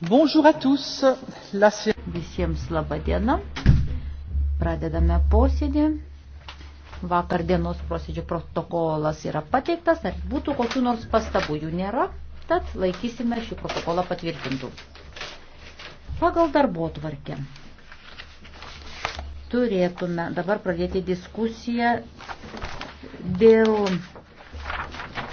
Bonjour à tous. La... Visiems laba diena. Pradedame posėdį. Vakar dienos posėdžio protokolas yra pateiktas. Ar būtų kokių nors pastabų jų nėra, tad laikysime šį protokolą patvirtintų. Pagal darbo tvarkę turėtume dabar pradėti diskusiją dėl